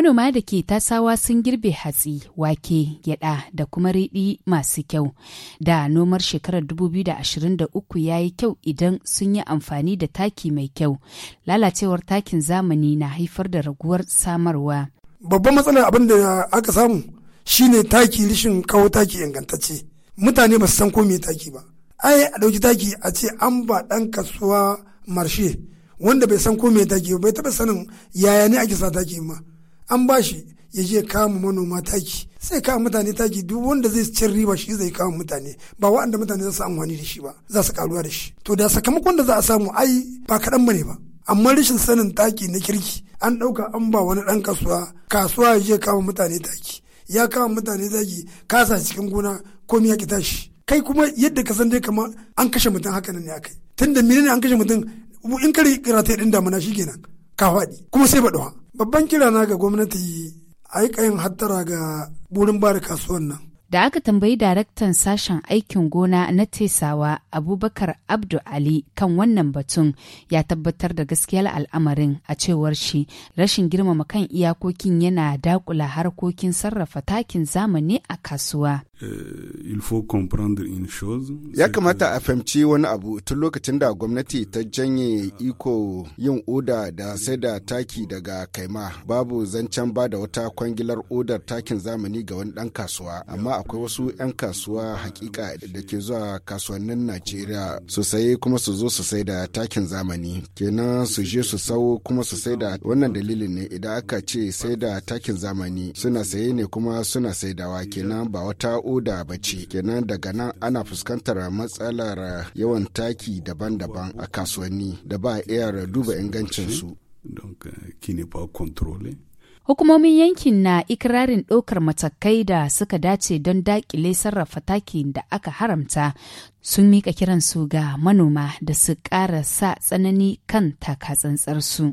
Manoma da ke tasawa sun girbe hatsi, wake, gyada da kuma riɗi masu kyau. Da nomar shekarar 2023 ya yi kyau idan sun yi amfani da taki mai kyau. Lalacewar takin zamani na haifar da raguwar samarwa. Babban matsalar abin da aka samu shine taki rishin kawo taki ingantacce. Mutane ba su san ko taki ba. Ai a ɗauki taki a ce an ba ɗan kasuwa marshe wanda bai san ko me taki ba bai taɓa sanin yaya ne ake sa taki ma. an ba shi ya je kama manoma taki sai kama mutane taki duk wanda zai cin riba shi zai kama mutane ba waɗanda mutane za su amfani da shi ba za su karuwa da shi to da sakamakon da za a samu ai ba kaɗan bane ba amma rashin sanin taki na kirki an ɗauka an ba wani ɗan kasuwa kasuwa ya je kama mutane taki ya kama mutane taki kasa cikin gona ko ya ki tashi kai kuma yadda ka san dai kama an kashe mutum haka nan ne akai tunda menene an kashe mutum in kare ɗin din damuna kenan ka faɗi kuma sai baɗuwa babban kira na ga gwamnati a yi hattara ga burin ba da kasuwan nan Da aka tambayi daraktan sashen aikin gona na Tesawa Abubakar Abdu Ali kan wannan batun ya tabbatar da gaskiyar al'amarin a cewar shi rashin girmama kan iyakokin yana dakula harkokin sarrafa takin zamani a kasuwa. Eh, ya kamata a fahimci wani abu tun lokacin da gwamnati ta janye iko yin oda da sai da taki daga kaima babu zancen ba da wata kwangilar odar takin zamani ga wani ɗan kasuwa amma akwai wasu 'yan kasuwa hakika da ke zuwa kasuwannin najeriya su saye kuma su zo su sai da takin zamani kenan su je su sau kuma su sai da wannan dalilin ne idan aka ce sai da takin zamani suna saye ne kuma suna saidawa kenan ba wata oda ba ce kenan daga nan ana fuskantar matsalar yawan taki daban-daban a kasuwanni da ba iya duba ingancinsu. Donc, euh, qui n'est pas contrôlé. Hukumomin yankin na ikirarin ɗaukar matakai da suka dace don daƙile sarrafa takin da aka haramta sun miƙa kiransu ga manoma da su ƙara sa tsanani kan takatsantsarsu.